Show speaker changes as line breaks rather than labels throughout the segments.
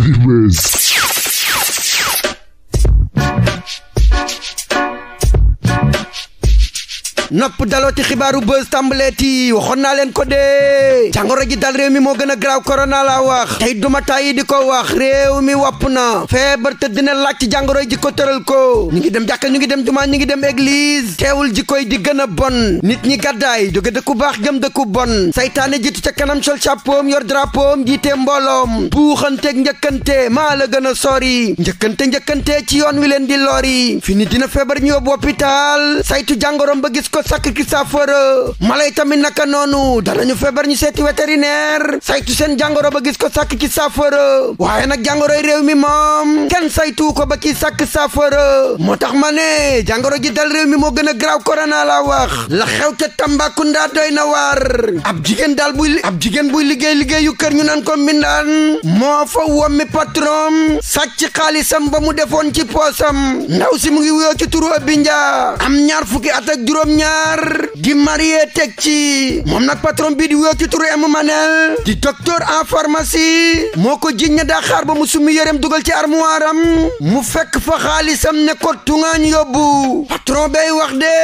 Heavyweight. nopp daloo ci xibaaru buzz tàmbaleeti waxoon naa leen ko dee jàngoro ji dal réew mi moo gën a graaw korona la wax tey duma tàyyi di ko wax réew mi wopp na feebar te dina laaj ci jàngoro ji ko tëral ko ñu ngi dem jàkka ñu ngi dem jumaa ñu ngi dem église teewul ji koy di gën a bon nit ñi gàddaay jóge dëkku baax jëm dëkku bon saytaane jiitu ca kanam sol chapeau yor drapeau jiite mbooloom buuxanteeg njëkkante maa la gën a sori njëkkante njëkkante ci yoon wi leen di lori fini dina feebar ñu yóbbu saytu jàngoroom ba gis ko sakk ki saafara mala yi tamit naka noonu danañu feebar ñu seeti vétérinaire saytu seen jàngoro ba gis ko sakk ki saafara waaye nag jàngoroy réew mi moom kenn saytu ko ba ki sakk saafara moo tax ma ne jàngoro ji dal réew mi moo gën a graaw korona la wax la xew ca ndaa doy na waar ab jigéen daal buy ab jigéen buy liggéey liggéeyu kër ñu nan ko mbindaan moo fa wommi patron sàcc xaalisam ba mu defoon ci poosam ndaw si mu ngi wuyoo ci turu Binja am ñaar ñaar di marié teg ci moom nag patron bii di wéew ci turu M Manel di docteur en pharmacie moo ko jiñ ne daa xaar ba mu summi yéreem dugal ci armoire am mu fekk fa xaalisam ne ko tungaañ yóbbu patron bay wax de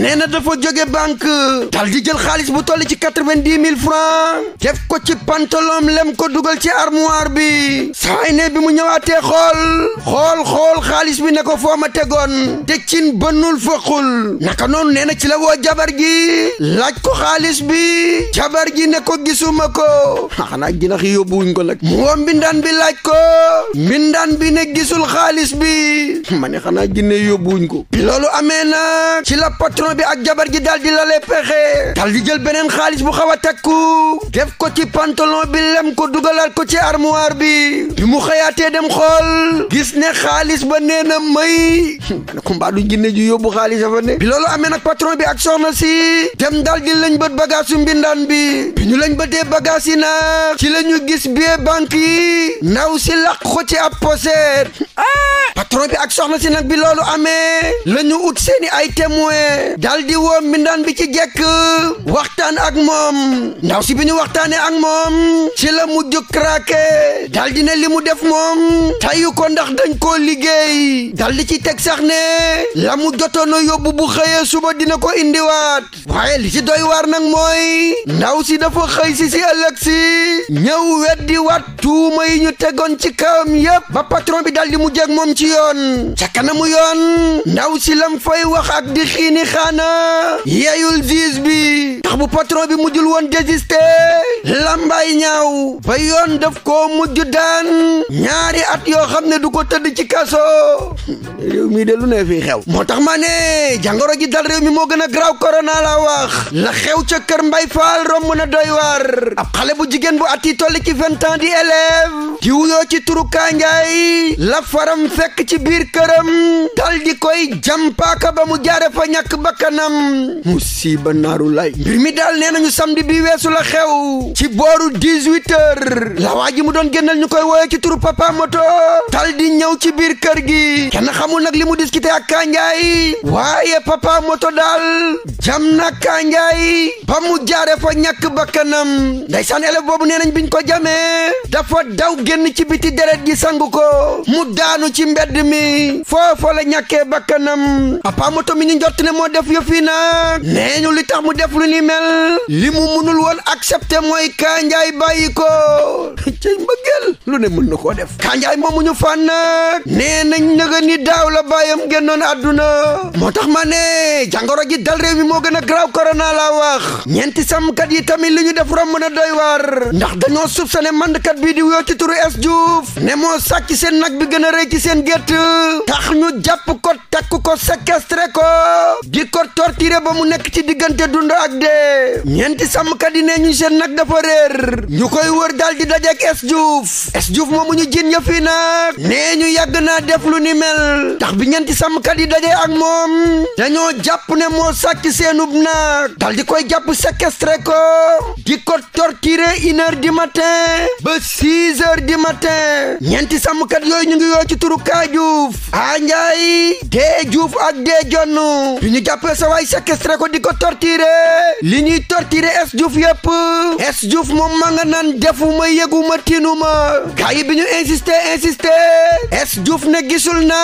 nee na dafa jóge banque dal di jël xaalis bu toll ci quatre vingt mille francs def ko ci pantalon lem ko dugal ci armoire bi saay ne bi mu ñëwaatee xool xool xool xaalis bi ne ko foo ma tegoon te cin bënnul fëqul naka noonu nee na ci la woo jabar gi laaj ko xaalis bi jabar gi ne ko gisuma ko xanaa jinax yi yóbbuwuñ ko nag moo mbindaan bi laaj ko mbindaan bi ne gisul xaalis bi ma ne xanaa jinne yóbbuwuñ ko bi loolu amee nag ci la patron bi ak jabar gi daal di la pexe daal jël beneen xaalis bu xaw a takku def ko ci pantalon bi lem ko dugalaat ko ci armoire bi bi mu xëyaatee dem xool gis ne xaalis ba nee na may ma ne ko mbaa du jinne ju fa ne bi patron bi ak soxna si dem dal di lañ bët bagaasu mbindaan bi bi ñu lañ bëtee bagaas na nag ci la ñu gis bie banque yi ndaw si làq ko ci ab poseet ah! patron ak soxna si nag bi loolu amee la ñu ut seeni ay témoin dal di woo mbindaan bi ci jekk waxtaan ak moom ndaw si bi ñu waxtaanee ak moom ci la mujj craqué dal di ne li mu def moom tayu ko ndax dañ koo liggéey dal di ci teg sax ne la mu jotoon a yóbbu bu xëyee suba dina ko indiwaat waaye li ci doy waar nag mooy ndaw si dafa xëy si si ëllëg si ñëw weddi waat tuuma yi ñu tegoon ci kawam yépp ba patron bi dal di mujj moom ci yoon yoon ca kanamu yoon ndaw si lam fay wax ak di xiini xaana yeyul juge bi tax bu patron bi mujjul woon désisté lambay ñaw ba yoon daf koo mujj daan ñaari at yoo xam ne du ko tëdd ci kaso réew mi de lu ne fii xew moo tax ma ne jàngoro ji dal réew mi moo gën a graw korona la wax la xew ca kër mbay faal romb na doy war ab xale bu jigéen bu at yi toll ci di élève di ci turu kanjaay la faram fekk ci biir këram dal di koy jàmpaaka ba mu jaare fa ñàkk bakkanam musiba naaru lay mbir mi daal nee nañu samedi bi weesu la xew ci booru 18 heures ji mu doon génnal ñu koy wooye ci turu papa moto dal di ñëw ci biir kër gi kenn xamul nag li mu discuter ak kanjaay waaye papa moto daal jam na kanjaay ba mu jaare fa ñàkk bakkanam ndeysaan élève boobu nee nañ biñ ko jamee dafa daw génn ci biti deret gi sangu ko mu daanu ci mbedd mbedd mi foofa la ñàkkee bakkanam apaamoto mi ñu jot ne moo def yëfi nag nee ñu li tax mu def lu ni mel li mu munul woon accepter mooy kanjaay bàyyi ko ci mbëggeel lu ne mën na koo def kanjaay moomu ñu fàn nag nee na nëga ni daaw la bàyyam génnoon adduna moo tax ma ne jàngoro ji dal réew mi moo gën a graw korona laa wax ñeenti sàmmkat yi tamit li ñu def romb na doy waar ndax dañoo soupçonné mandkat bii di wuyoo ci turu es Diouf ne moo sàcc seen nag bi gën a rëy seen gétt gént tax ñu jàpp ko takk ko séquestré ko di ko torturé ba mu nekk ci diggante dund ak dee sàmmkat yi ne ñu seen nag dafa réer ñu koy wër daal di dajeek es juuf es juuf moomu ñu jin ñu yàgg naa def ni mel tax bi sàmmkat yi dajee ak moom dañoo jàpp ne moo sàcc seenub nag daal di jàpp séquestré ko di ko torturé une heure du matin ba six heures du matin ñeenti yooyu ñu ngi turu kaaju Diouf anjaay dee Diouf ak dee jonn bi ñu jàppee sa waay séquestré ko di ko torturer li ñuy torturer es Diouf yëpp es Diouf moom ma nga naan defuma yëguma tinuma gars yi bi ñu insisté insisté es Diouf ne gisul na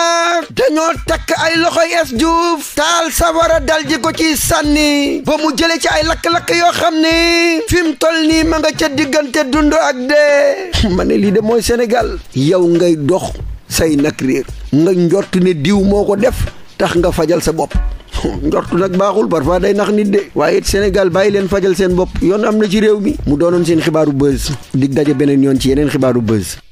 dañoo takk ay loxo es Diouf taal sawara dal di ko ci sànni ba mu jële ci ay lakk-lakk yoo xam ni fi mu toll nii ma nga ca diggante dund ak dee ma ne lii de mooy Sénégal yow ngay dox say nag réer nga njort ne diw moo ko def tax nga fajal sa bopp njort nag baaxul parfois day nax nit de waaye it Sénégal bàyyi leen fajal seen bopp yoon am na ci réew mi mu doonoon seen xibaaru buzz di daje beneen yoon ci yeneen xibaaru buzz